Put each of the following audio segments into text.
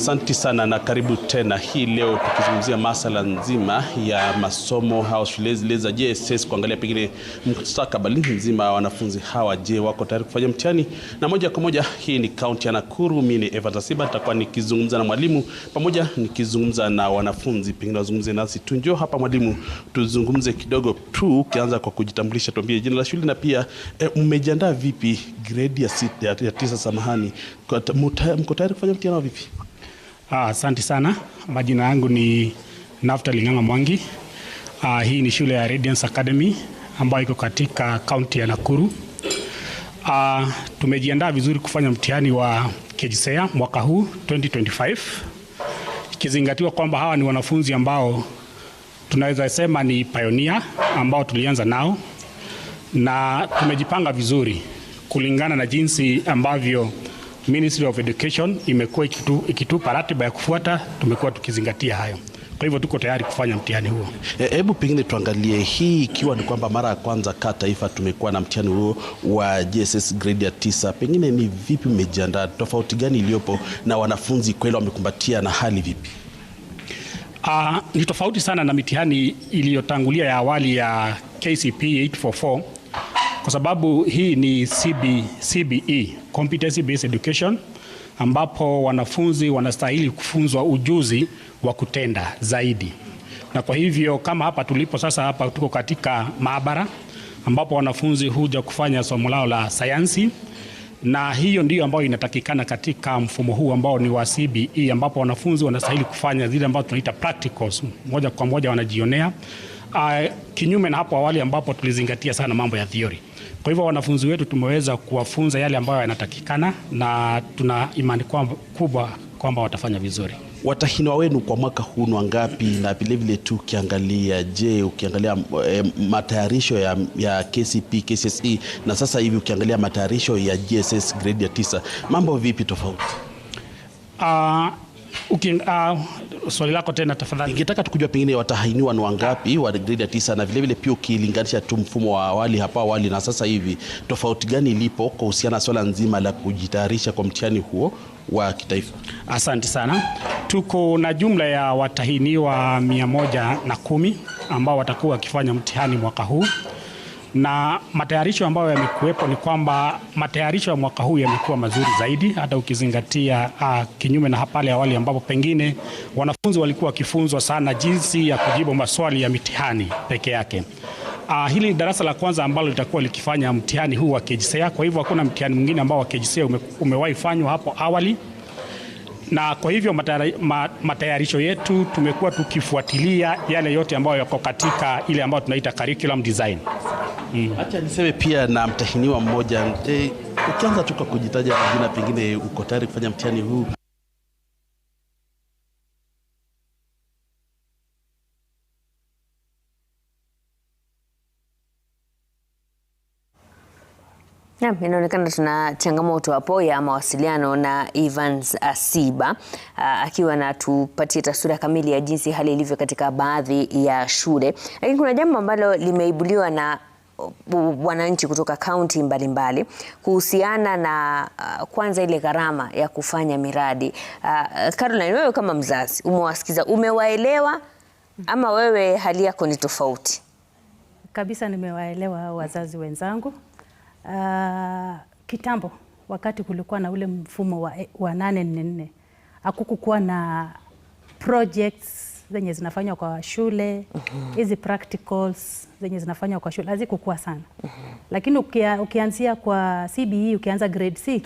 Asanti sana na karibu tena hii leo, tukizungumzia masala nzima ya masomo au shule zile za JSS, kuangalia pengine mustakabali nzima wa wanafunzi hawa. Je, wako tayari kufanya mtihani? Na moja kwa moja, hii ni kaunti ya Nakuru. Mimi ni Eva Tasiba, nitakuwa nikizungumza na mwalimu pamoja nikizungumza na wanafunzi, pengine wazungumze nasi tu. Njoo hapa mwalimu, tuzungumze kidogo tu, ukianza kwa kujitambulisha, tuambie jina la shule na pia e, eh, umejiandaa vipi grade ya, sita, ya, ya tisa, samahani, mko tayari kufanya mtihani vipi? Ah, asante sana. Majina yangu ni Naftali Ng'ang'a Mwangi. Ah, hii ni shule ya Radiance Academy ambayo iko katika kaunti ya Nakuru. Ah, tumejiandaa vizuri kufanya mtihani wa KJSEA mwaka huu 2025 ikizingatiwa kwamba hawa ni wanafunzi ambao tunaweza sema ni pioneer ambao tulianza nao na tumejipanga vizuri kulingana na jinsi ambavyo Ministry of Education imekuwa ikitu, ikitupa ratiba ya kufuata, tumekuwa tukizingatia hayo. Kwa hivyo tuko tayari kufanya mtihani huo. E, hebu e, pengine tuangalie hii, ikiwa ni kwamba mara ya kwanza kaa taifa tumekuwa na mtihani huo wa JSS grade ya tisa, pengine ni vipi mmejiandaa, tofauti gani iliyopo na wanafunzi kweli wamekumbatia na hali vipi? Uh, ni tofauti sana na mitihani iliyotangulia ya awali ya KCPE 844 kwa sababu hii ni CB, CBE, Competency Based Education, ambapo wanafunzi wanastahili kufunzwa ujuzi wa kutenda zaidi. Na kwa hivyo kama hapa tulipo sasa, hapa tuko katika maabara ambapo wanafunzi huja kufanya somo lao la sayansi, na hiyo ndiyo ambayo inatakikana katika mfumo huu ambao ni wa CBE, ambapo wanafunzi wanastahili kufanya zile ambazo tunaita practicals, moja kwa moja wanajionea. Uh, kinyume na hapo awali ambapo tulizingatia sana mambo ya theory. Kwa hivyo wanafunzi wetu tumeweza kuwafunza yale ambayo yanatakikana, na tuna imani kubwa kwamba watafanya vizuri. Watahiniwa wenu kwa mwaka huu ni wangapi? Na vilevile tu ukiangalia, je, ukiangalia e, matayarisho ya, ya KCP KCSE na sasa hivi ukiangalia matayarisho ya gss grade ya tisa, mambo vipi tofauti? uh, Uh, swali lako tena tafadhali. Ningetaka tukujua pengine watahiniwa ni wangapi wa gredi ya tisa, na vilevile pia ukilinganisha tu mfumo wa awali hapo awali na sasa hivi, tofauti gani ilipo kuhusiana na swala nzima la kujitayarisha kwa mtihani huo wa kitaifa? Asante sana. Tuko na jumla ya watahiniwa mia moja na kumi ambao watakuwa wakifanya mtihani mwaka huu na matayarisho ambayo yamekuwepo ni kwamba matayarisho ya mwaka huu yamekuwa mazuri zaidi, hata ukizingatia uh, kinyume na pale awali ambapo pengine wanafunzi walikuwa wakifunzwa sana jinsi ya kujibu maswali ya mitihani peke yake. Uh, hili ni darasa la kwanza ambalo litakuwa likifanya mtihani huu wa KJSEA, kwa hivyo hakuna mtihani mwingine ambao wa KJSEA ume, umewahi fanywa hapo awali na kwa hivyo matayarisho yetu tumekuwa tukifuatilia yale yote ambayo yako katika ile ambayo tunaita curriculum design mm. niseme pia na mtahiniwa mmoja e, ukianza tu kwa kujitaja majina, pengine uko tayari kufanya mtihani huu Naam, inaonekana tuna changamoto hapo ya mawasiliano na Evans Asiba akiwa anatupatia taswira kamili ya jinsi hali ilivyo katika baadhi ya shule, lakini kuna jambo ambalo limeibuliwa na wananchi kutoka kaunti mbalimbali kuhusiana na uh, kwanza ile gharama ya kufanya miradi uh, Caroline, wewe kama mzazi umewasikiza, umewaelewa ama wewe hali yako ni tofauti? Kabisa, nimewaelewa wazazi wenzangu. Uh, kitambo wakati kulikuwa na ule mfumo wa, wa nane nne nne hakukukuwa na projects zenye zinafanywa kwa shule hizi mm -hmm. practicals zenye zinafanywa kwa shule hazikukua sana mm -hmm. Lakini ukia, ukianzia kwa CBE ukianza grade 6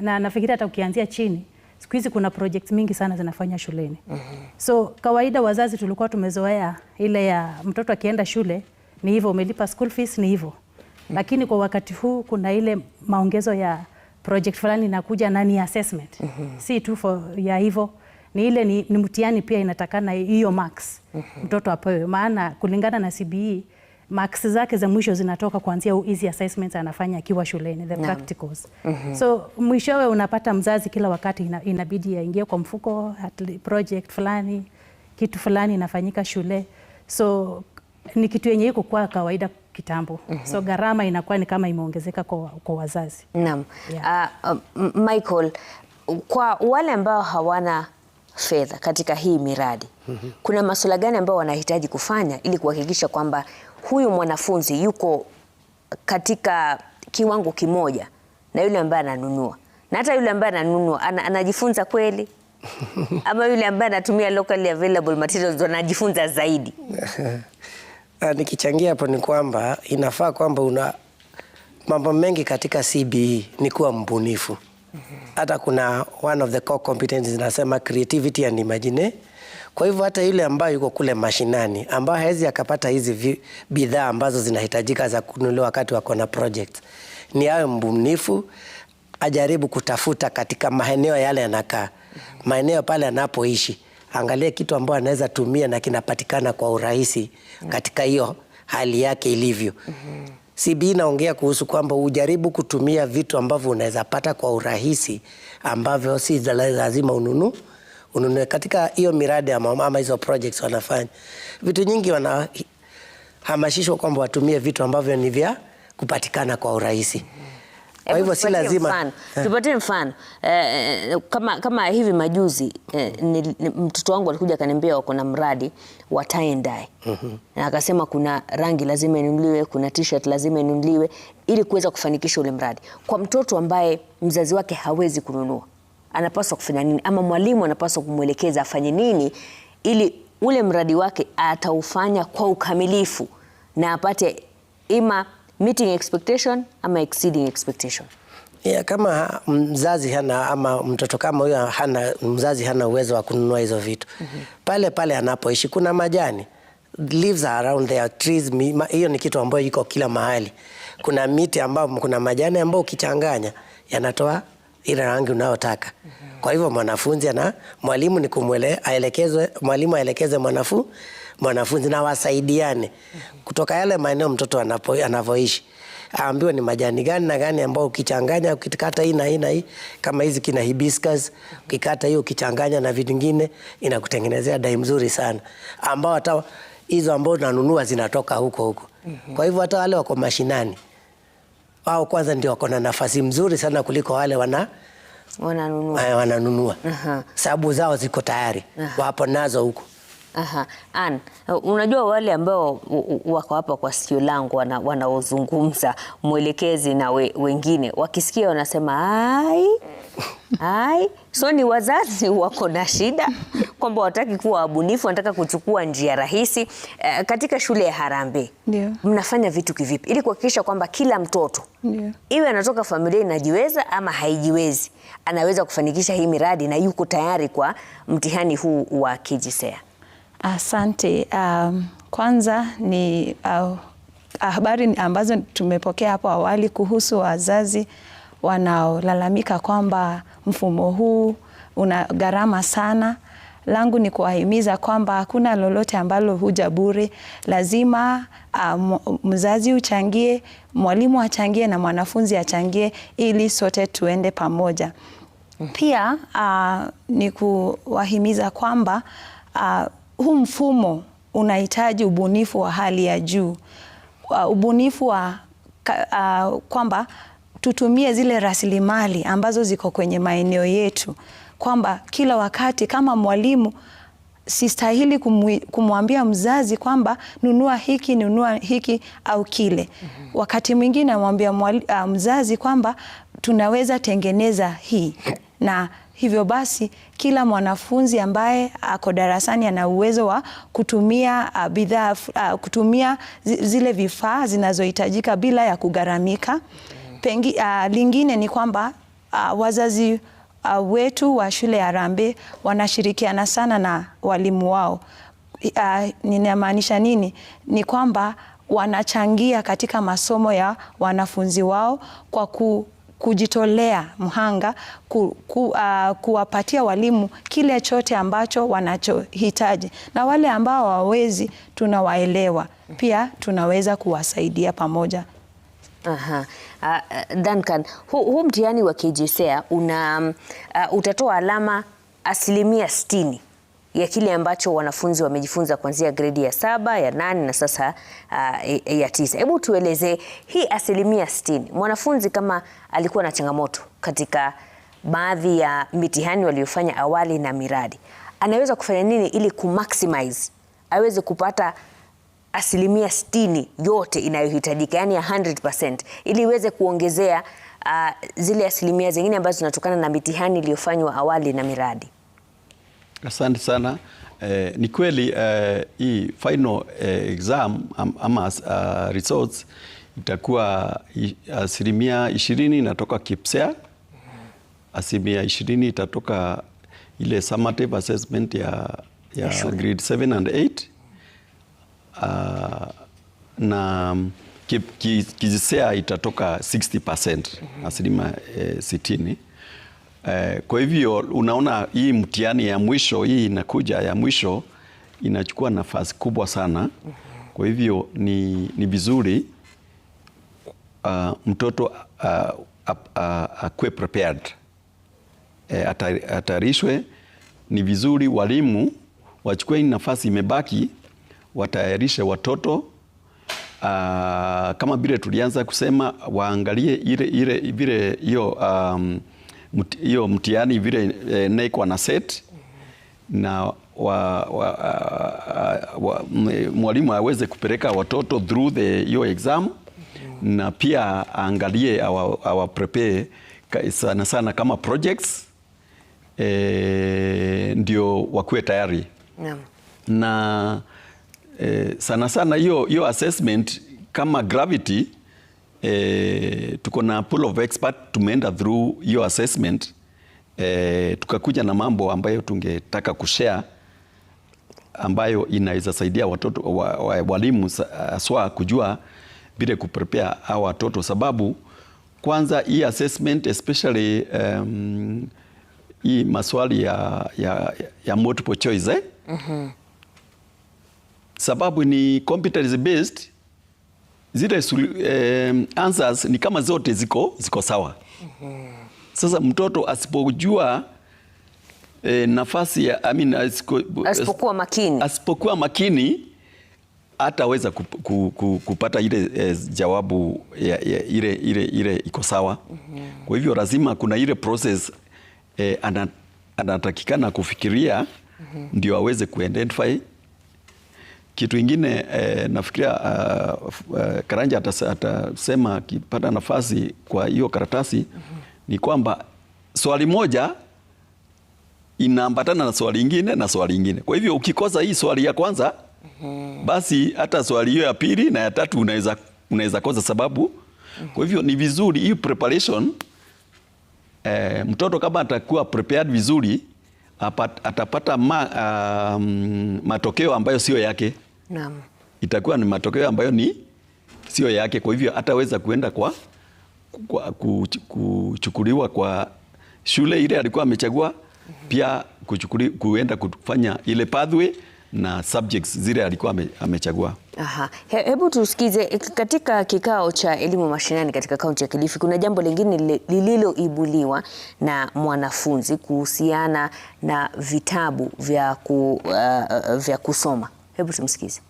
na nafikiria hata ukianzia chini siku hizi kuna projects mingi sana zinafanywa shuleni mm -hmm. So kawaida wazazi tulikuwa tumezoea ile ya mtoto akienda shule ni hivyo, umelipa school fees ni hivyo mm -hmm. Lakini kwa wakati huu kuna ile maongezo ya project fulani inakuja na ni assessment mm -hmm. si tu for ya hivyo ni ile ni, ni mtihani pia inatakana hiyo max mm -hmm. mtoto apewe, maana kulingana na CBE max zake za mwisho zinatoka kuanzia easy assessments anafanya akiwa shuleni the practicals mm -hmm. So mwishowe unapata mzazi kila wakati ina, inabidi aingie kwa mfuko project fulani kitu fulani inafanyika shule, so ni kitu yenye iko kwa kawaida kitambo mm -hmm. So gharama inakuwa ni kama imeongezeka kwa, kwa wazazi. Naam. Yeah. Uh, Michael, kwa wale ambao hawana fedha katika hii miradi mm -hmm. Kuna masuala gani ambayo wanahitaji kufanya ili kuhakikisha kwamba huyu mwanafunzi yuko katika kiwango kimoja na yule ambaye ananunua, na hata yule ambaye ananunua ana, anajifunza kweli ama yule ambaye anatumia locally available materials anajifunza zaidi? Ah, nikichangia hapo ni kwamba inafaa kwamba una mambo mengi katika CBE ni kuwa mbunifu hata kuna one of the core competencies nasema creativity and imagination. Kwa hivyo hata yule ambayo yuko kule mashinani ambayo hawezi akapata hizi bidhaa ambazo zinahitajika za kununuliwa wakati wako na project, ni awe mbunifu, ajaribu kutafuta katika maeneo yale yanakaa, maeneo pale anapoishi, angalie kitu ambayo anaweza tumia na kinapatikana kwa urahisi katika hiyo hali yake ilivyo. mm -hmm. CB inaongea kuhusu kwamba ujaribu kutumia vitu ambavyo unaweza pata kwa urahisi ambavyo si lazima ununu ununue katika hiyo miradi ama, ama hizo projects wanafanya vitu nyingi, wanahamasishwa kwamba watumie vitu ambavyo ni vya kupatikana kwa urahisi. Kwa hivyo si lazima eh. tupatie mfano eh, eh, kama, kama hivi majuzi eh, mtoto wangu alikuja akaniambia wako na mradi wa tie and dye mm -hmm. na akasema kuna rangi lazima inunuliwe, kuna t-shirt lazima inunuliwe ili kuweza kufanikisha ule mradi. Kwa mtoto ambaye mzazi wake hawezi kununua, anapaswa kufanya nini, ama mwalimu anapaswa kumwelekeza afanye nini ili ule mradi wake ataufanya kwa ukamilifu na apate ima meeting expectation ama exceeding expectation? Yeah, kama mzazi hana ama mtoto kama huyo hana mzazi hana uwezo wa kununua hizo vitu mm -hmm. Pale pale anapoishi kuna majani leaves are around there trees, hiyo ni kitu ambayo iko kila mahali. Kuna miti ambayo kuna majani ambayo ukichanganya yanatoa ile rangi unayotaka. Kwa hivyo mwanafunzi na mwalimu ni kumwele aelekezwe, mwalimu aelekeze mwanafunzi mwanafunzi na wasaidiane kutoka yale maeneo mtoto anavyoishi, aambiwe ni majani gani na gani ambao ukichanganya, ukikata hii na hii na hii, kama hizi kina hibiscus, ukikata hiyo ukichanganya na vitu vingine, inakutengenezea dai mzuri sana, ambao hata hizo ambao tunanunua zinatoka huko huko. Mhm. Kwa hivyo hata wale wako mashinani wao kwanza ndio wako na nafasi mzuri sana kuliko wale wana wananunua, eh, wananunua. Sababu zao ziko tayari, wapo nazo huko. Aha. An, unajua wale ambao wako hapa kwa sikio langu wanaozungumza wana mwelekezi na we, wengine wakisikia wanasema ai ai, so ni wazazi wako na shida kwamba wataki kuwa wabunifu, wanataka kuchukua njia rahisi. E, katika shule ya Harambee yeah. mnafanya vitu kivipi ili kuhakikisha kwamba kila mtoto yeah. iwe anatoka familia inajiweza ama haijiwezi anaweza kufanikisha hii miradi na yuko tayari kwa mtihani huu wa KJSEA? Asante. Um, kwanza ni uh, habari ambazo tumepokea hapo awali kuhusu wazazi wanaolalamika kwamba mfumo huu una gharama sana. Langu ni kuwahimiza kwamba hakuna lolote ambalo huja bure. Lazima um, mzazi uchangie, mwalimu achangie na mwanafunzi achangie ili sote tuende pamoja. Mm. Pia uh, ni kuwahimiza kwamba uh, huu mfumo unahitaji ubunifu wa hali ya juu, ubunifu wa uh, kwamba tutumie zile rasilimali ambazo ziko kwenye maeneo yetu, kwamba kila wakati kama mwalimu sistahili kumwambia mzazi kwamba nunua hiki nunua hiki au kile. mm -hmm. Wakati mwingine namwambia mzazi kwamba tunaweza tengeneza hii na Hivyo basi kila mwanafunzi ambaye ako darasani ana uwezo wa kutumia uh, bidhaa uh, kutumia zile vifaa zinazohitajika bila ya kugharamika. Pengi, uh, lingine ni kwamba uh, wazazi uh, wetu wa shule ya Harambee wanashirikiana sana na walimu wao. Uh, ninamaanisha nini? Ni kwamba wanachangia katika masomo ya wanafunzi wao kwa ku kujitolea mhanga ku, ku, uh, kuwapatia walimu kile chote ambacho wanachohitaji, na wale ambao hawawezi tunawaelewa, pia tunaweza kuwasaidia pamoja. Aha. Uh, Duncan, huu hu mtihani wa KJSEA una uh, utatoa alama asilimia sitini ya kile ambacho wanafunzi wamejifunza kuanzia gredi ya saba ya nane na sasa uh, ya tisa. Hebu tueleze hii asilimia sitini, mwanafunzi kama alikuwa na changamoto katika baadhi ya mitihani waliofanya awali na miradi, anaweza kufanya nini ili kumaximize aweze kupata asilimia sitini yote inayohitajika, yani ya 100% ili iweze kuongezea uh, zile asilimia zingine ambazo zinatokana na mitihani iliyofanywa awali na miradi? Asante sana. Eh, ni kweli eh, hii final eh, exam ama uh, results itakuwa asilimia ishirini inatoka KIPSEA, asilimia ishirini itatoka ile summative assessment ya, ya grade 7 and 8 uh, ah, na mm, KIPSEA itatoka 60% mhm. asilimia eh, sitini. Eh, kwa hivyo unaona hii mtihani ya mwisho hii inakuja ya mwisho inachukua nafasi kubwa sana. Kwa hivyo ni, ni vizuri uh, mtoto uh, uh, akuwe uh, uh, uh, prepared eh, atayarishwe. Ni vizuri walimu wachukue hii nafasi imebaki, watayarishe watoto Uh, kama vile tulianza kusema waangalie ile ile vile hiyo um, hiyo mti, mtihani vile e, eh, NEC na set na ah, mwalimu aweze kupeleka watoto through the hiyo exam na pia angalie awa, prepare sana sana kama projects e, ndio wakuwe tayari yeah. na e, sana sana hiyo assessment kama gravity eh, tuko na pool of expert tumeenda through hiyo assessment eh, tukakuja na mambo ambayo tungetaka kushare ambayo inaweza saidia watoto wa, wa, walimu aswa kujua vile kuprepare hawa watoto, sababu kwanza hii assessment especially um, hii maswali ya, ya, ya multiple choice eh? mm -hmm. Sababu ni competence based zile eh, answers ni kama zote ziko, ziko sawa. mm-hmm. Sasa mtoto asipojua eh, nafasi ya I mean, asipo, asipokuwa makini, asipokuwa makini hataweza kup, ku, ku, kupata ile eh, jawabu ya, ya, ile, ile, ile iko sawa. mm-hmm. Kwa hivyo lazima kuna ile process eh, anatakikana kufikiria mm-hmm. ndio aweze kuidentify kitu ingine eh, nafikiria uh, uh, Karanja atasema akipata nafasi kwa hiyo karatasi mm -hmm. ni kwamba swali moja inaambatana na swali ingine na swali ingine. Kwa hivyo ukikosa hii swali ya kwanza mm -hmm. basi hata swali hiyo ya pili na ya tatu unaweza unaweza kosa sababu mm -hmm. kwa hivyo ni vizuri hii preparation eh, mtoto kama atakuwa prepared vizuri atapata ma, um, matokeo ambayo sio yake. Naam. Itakuwa ni matokeo ambayo ni sio yake, kwa hivyo hataweza kuenda kwa, kwa kuchukuliwa kwa shule ile alikuwa amechagua pia kuchukuli, kuenda kufanya ile pathway na subjects zile alikuwa amechagua. Aha. He, hebu tusikize e, katika kikao cha elimu mashinani katika kaunti ya Kilifi kuna jambo lingine lililoibuliwa na mwanafunzi kuhusiana na vitabu vya, ku, uh, uh vya kusoma. Hebu tumsikize.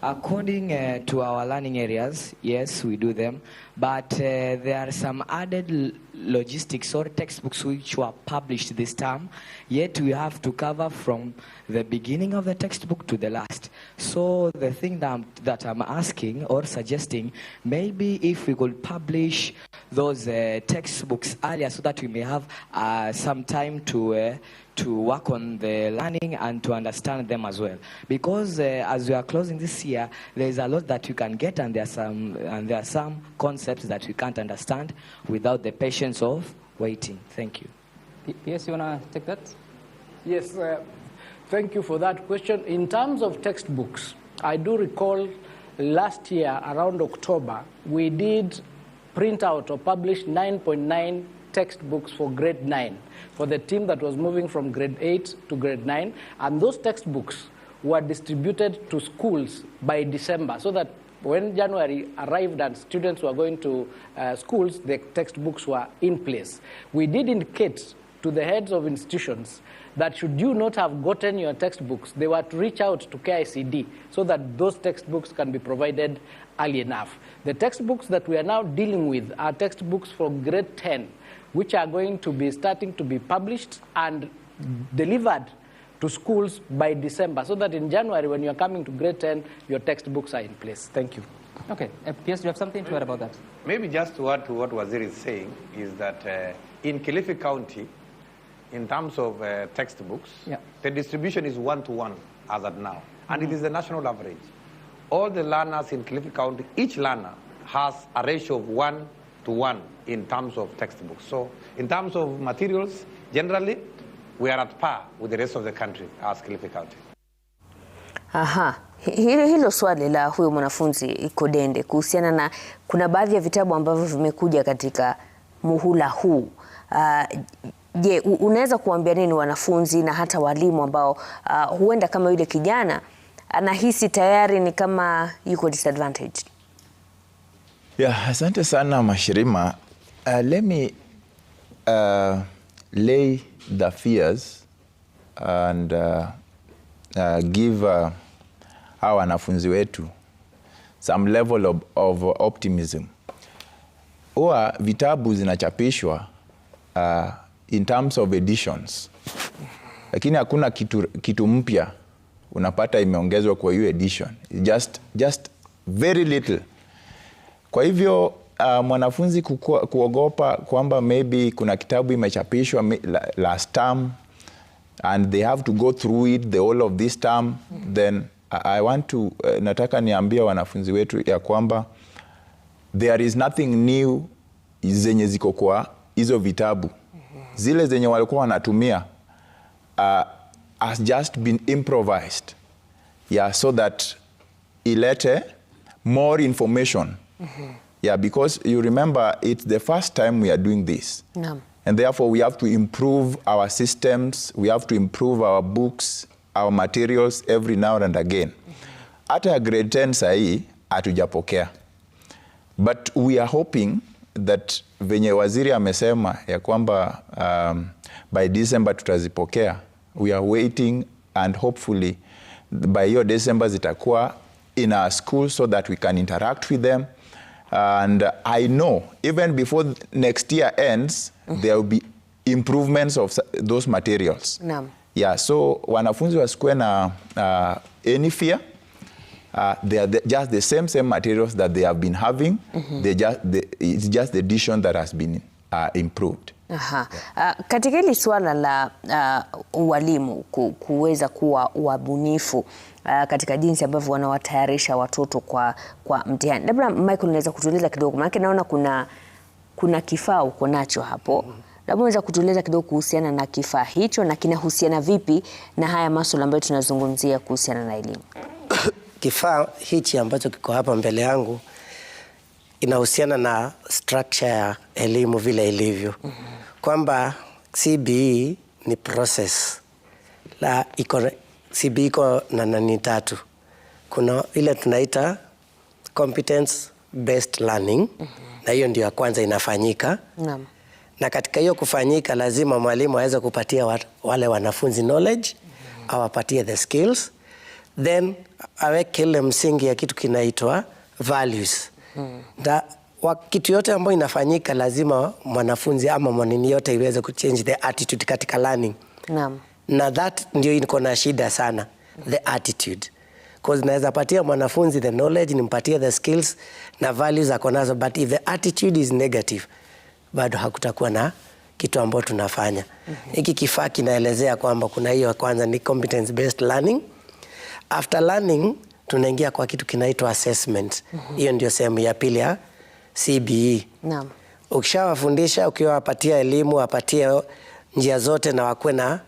According uh, to our learning areas, yes, we do them, but uh, there are some added logistics or textbooks which were published this term, yet we have to cover from the beginning of the textbook to the last. So the thing that I'm, that I'm asking or suggesting, maybe if we could publish those uh, textbooks earlier so that we may have uh, some time to uh, to work on the learning and to understand them as well. Because uh, as we are closing this year, there is a lot that you can get, and there are some and there are some concepts that we can't understand without the patience patience of waiting. Thank you. Yes, you want to take that? Yes, uh, thank you for that question. In terms of textbooks, I do recall last year around October, we did print out or publish 9.9 textbooks for grade 9 for the team that was moving from grade 8 to grade 9. And those textbooks were distributed to schools by December so that when January arrived and students were going to uh, schools, the textbooks were in place. We did indicate to the heads of institutions that should you not have gotten your textbooks, they were to reach out to KICD so that those textbooks can be provided early enough. The textbooks that we are now dealing with are textbooks for grade 10, which are going to be starting to be published and delivered to schools by December so that in January, when you're coming to grade 10, your textbooks are in place. Thank you. Okay. Yes, uh, do you have something to add about that? Maybe just to add to what Wazir is saying is that uh, in Kilifi County, in terms of uh, textbooks, yeah. the distribution is one-to-one -one as at now. And mm -hmm. it mm-hmm. is the national average. All the learners in Kilifi County, each learner has a ratio of one to one in terms of textbooks. So in terms of materials, generally, we are at par with the rest of the country as Kilifi County. Aha. Hilo, hilo swali la huyo mwanafunzi Kodende kuhusiana na kuna baadhi ya vitabu ambavyo vimekuja katika muhula huu uh, Je, unaweza kuambia nini wanafunzi na hata walimu ambao uh, huenda kama yule kijana anahisi tayari ni kama yuko disadvantaged? Yeah, asante sana Mashirima. Uh, let me uh, lay the fears and uh, uh, give uh, hawa wanafunzi wetu some level of, of optimism. Huwa vitabu zinachapishwa uh, in terms of editions, lakini hakuna kitu, kitu mpya unapata imeongezwa kwa hiyo edition, just, just very little. Kwa hivyo uh, mwanafunzi kuogopa kwamba maybe kuna kitabu imechapishwa last term and they have to go through it the whole of this term mm -hmm. then I want to uh, nataka niambia wanafunzi wetu ya kwamba there is nothing new zenye ziko kwa hizo vitabu zile zenye walikuwa wanatumia uh, has just been improvised yeah, so that ilete more information mm -hmm. Yeah, because you remember it's the first time we are doing this. No. And therefore we have to improve our systems, we have to improve our books, our materials every now and again. a grade 10 sahii atujapokea But we are hoping that venye waziri amesema ya kwamba um, by December tutazipokea. We are waiting and hopefully by hiyo December zitakuwa in our school so that we can interact with them And I know even before next year ends, mm -hmm. there will be improvements of those materials. Naam. Yeah, so wanafunzi wasikuwe na uh, any fear. Uh, they are the, just the same same materials that they have been having. Mm -hmm. they just, the, it's just the addition that has been uh, improved. Aha. Uh, katika hili suala la uh, ah, walimu kuweza kuwa wabunifu uh, katika jinsi ambavyo wanawatayarisha watoto kwa, kwa mtihani, labda Michael unaweza kutueleza kidogo, maanake naona kuna, kuna kifaa uko nacho hapo mm -hmm. Labda unaweza kutueleza kidogo kuhusiana na kifaa hicho na kinahusiana vipi na haya masuala ambayo tunazungumzia kuhusiana na elimu? Kifaa hichi ambacho kiko hapa mbele yangu inahusiana na structure ya elimu vile ilivyo. mm -hmm kwamba CBE ni process la iko CBE e iko na nani tatu. Kuna ile tunaita competence based learning mm -hmm. na hiyo ndio ya kwanza inafanyika Naam. na katika hiyo kufanyika lazima mwalimu aweze kupatia wale wanafunzi knowledge mm -hmm. awapatie the skills then aweke ile msingi ya kitu kinaitwa values mm -hmm kwa kitu yote ambayo inafanyika lazima mwanafunzi ama mwanini yote iweze kuchange the attitude katika learning. Naam. Na that ndio iko na shida sana, the attitude. Cause naweza patia mwanafunzi the knowledge, nimpatie the skills na values ako nazo, but if the attitude is negative, bado hakutakuwa na kitu ambacho tunafanya. Mhm. Hiki -hmm. kifaa kinaelezea kwamba kuna hiyo kwanza ni competence based learning. After learning tunaingia kwa kitu kinaitwa assessment. Mhm. Hiyo ndio sehemu ya pili ya CBE. Naam. Ukishawafundisha, ukiwapatia elimu, wapatie njia zote na wakuwe na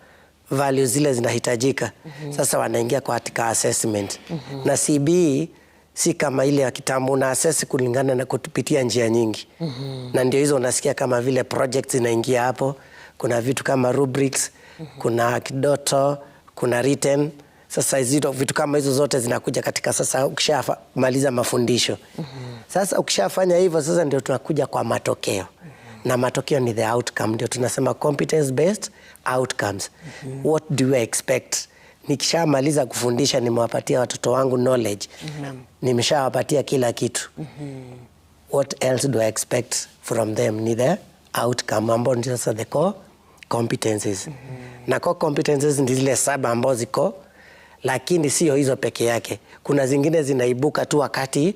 values zile zinahitajika. mm -hmm. Sasa wanaingia katika assessment. mm -hmm. Na CBE si kama ile ya kitambo na assess kulingana na kupitia njia nyingi. mm -hmm. Na ndio hizo unasikia kama vile projects zinaingia hapo, kuna vitu kama rubrics. mm -hmm. Kuna kidoto, kuna written sasa hizo vitu kama hizo zote zinakuja katika sasa, ukishamaliza mafundisho mm -hmm. Sasa ukishafanya hivyo sasa ndio tunakuja kwa matokeo mm -hmm. na matokeo ni the outcome, ndio tunasema competence based outcomes mm -hmm. what do you expect Nikishamaliza kufundisha nimewapatia watoto wangu knowledge mm -hmm. nimeshawapatia kila kitu mm -hmm. what else do I expect from them? Ni the outcome ambao ni sasa the core competences mm -hmm. na core competences ni zile saba ambao ziko lakini sio hizo peke yake. Kuna zingine zinaibuka tu wakati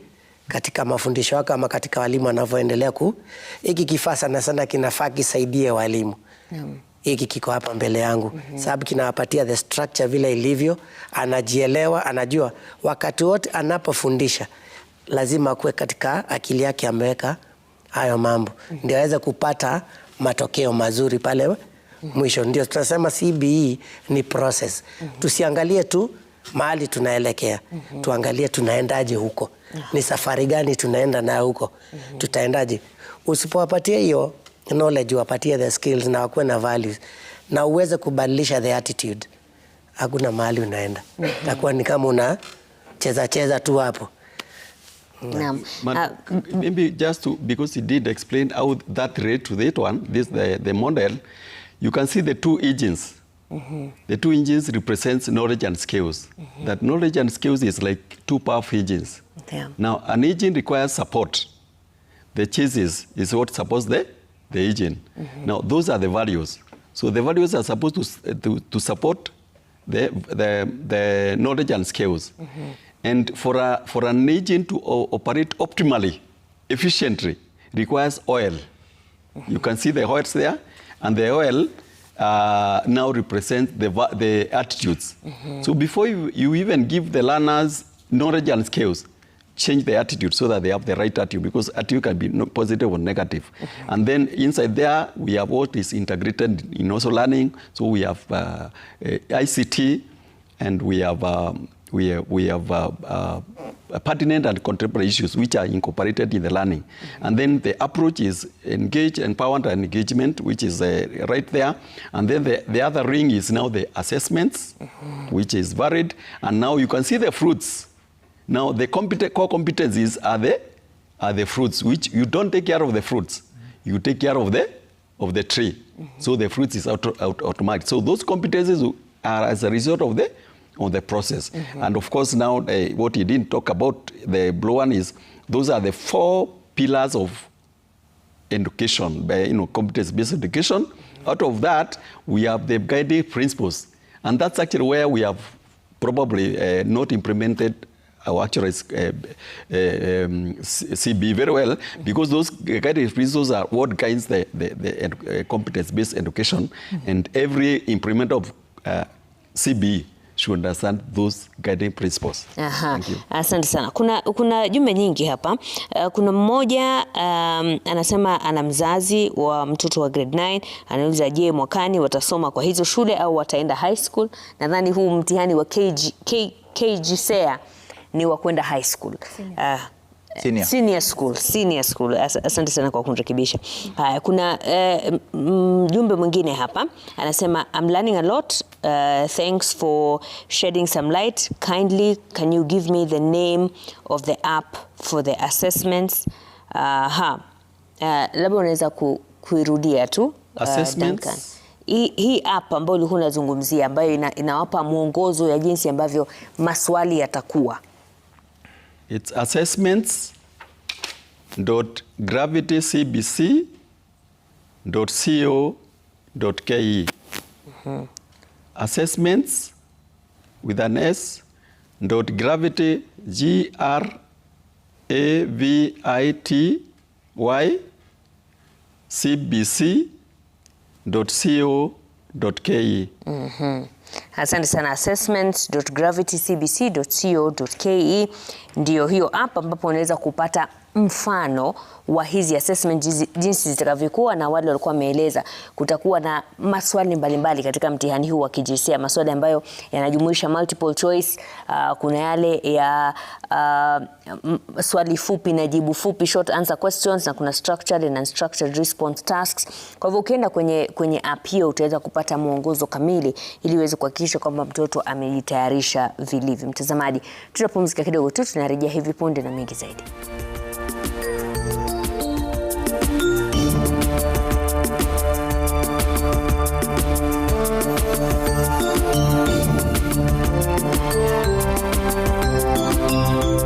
katika mafundisho yako ama katika walimu wanavyoendelea ku. Hiki kifaa sana sana kinafaa kisaidie walimu mm. kiko hapa mbele yangu mm -hmm. Sababu kinawapatia the structure vile ilivyo, anajielewa, anajua wakati wote anapofundisha lazima akuwe katika akili yake ameweka hayo mambo mm -hmm. Ndio aweze kupata matokeo mazuri pale mwisho. Ndio tunasema CBE ni process. mm -hmm. Tusiangalie tu mahali tunaelekea, mm -hmm. tuangalie tunaendaje huko, mm -hmm. ni safari gani tunaenda na huko, mm -hmm. tutaendaje? Usipowapatia hiyo knowledge, wapatie the skills na wakuwe na values na uweze kubadilisha the attitude, hakuna mahali unaenda, takuwa ni kama una cheza cheza tu hapo. No. Man, uh, maybe just to, because he did explain how that rate to that one, this the, the model you can see the two engines. Mm -hmm. The two engines represents knowledge and skills. Mm -hmm. That knowledge and skills is like two powerful engines. Yeah. Now, an engine requires support. The chassis is what supports the, the engine. Mm -hmm. Now, those are the values. So the values are supposed to, eh, to, to support the, the, the knowledge and skills. Mm-hmm. And for, a, for an engine to operate optimally, efficiently, requires oil. Mm-hmm. You can see the oils there. and the oil uh, now represents the, the attitudes. Mm -hmm. So before you, you even give the learners knowledge and skills, change the attitude so that they have the right attitude because attitude can be no positive or negative. Mm -hmm. And then inside there, we have what is integrated in also learning. So we have uh, uh ICT and we have um, we have, uh, we have uh, uh, pertinent and contemporary issues which are incorporated in the learning. Mm -hmm. And then the approach is engage, empowerment and engagement, which is uh, right there. And then the, the other ring is now the assessments, mm -hmm. which is varied. And now you can see the fruits. Now the compet core competencies are the, are the fruits, which you don't take care of the fruits. You take care of the, of the tree. Mm -hmm. So the fruits is out, out, automatic. So those competencies are as a result of the on the process. Mm -hmm. And of course now uh, what he didn't talk about, the blue one is, those are the four pillars of education, you know, competence-based education. Mm -hmm. Out of that, we have the guiding principles. And that's actually where we have probably uh, not implemented our actual uh, uh, um, CB very well mm-hmm. because those guiding principles are what guides the, the, the competence-based education mm -hmm. and every implement of CB should understand those guiding principles. Aha. Asante sana. Kuna, kuna jumbe nyingi hapa. Uh, kuna mmoja um, anasema ana mzazi wa mtoto wa grade 9 anauliza, je, mwakani watasoma kwa hizo shule au wataenda high school? Nadhani huu mtihani wa KG, K, KGCSE ni wa kwenda high school. Uh, Senior. Senior school, senior school. Asante sana kwa kunirekebisha. Haya, kuna eh, mjumbe uh, mwingine hapa anasema I'm learning a lot. Uh, thanks for shedding some light. Kindly can you give me the name of the app for the assessments? Aha. Uh, uh, labda unaweza ku, kuirudia tu uh, Duncan. Hii app ambayo ulikuwa unazungumzia ambayo inawapa ina mwongozo ya jinsi ambavyo maswali yatakuwa It's assessments.gravitycbc.co.ke. Mm -hmm. Assessments with an S dot gravity G R A V I T Y C B C dot C O dot K E. Mm -hmm. Asante sana. assessments.gravitycbc.co.ke ndio hiyo app ambapo unaweza kupata mfano wa hizi assessment jinsi zitakavyokuwa, na wale walikuwa wameeleza kutakuwa na maswali mbalimbali mbali katika mtihani huu wa kijinsia, maswali ambayo yanajumuisha multiple choice. Uh, kuna yale ya uh, swali fupi na jibu fupi, short answer questions, na kuna structured and unstructured response tasks. Kwa hivyo ukienda kwenye, kwenye app hiyo utaweza kupata mwongozo kamili ili uweze kuhakikisha kwamba mtoto amejitayarisha vilivyo. Mtazamaji, tutapumzika kidogo tu, tunarejea hivi punde na mengi zaidi. Thank you.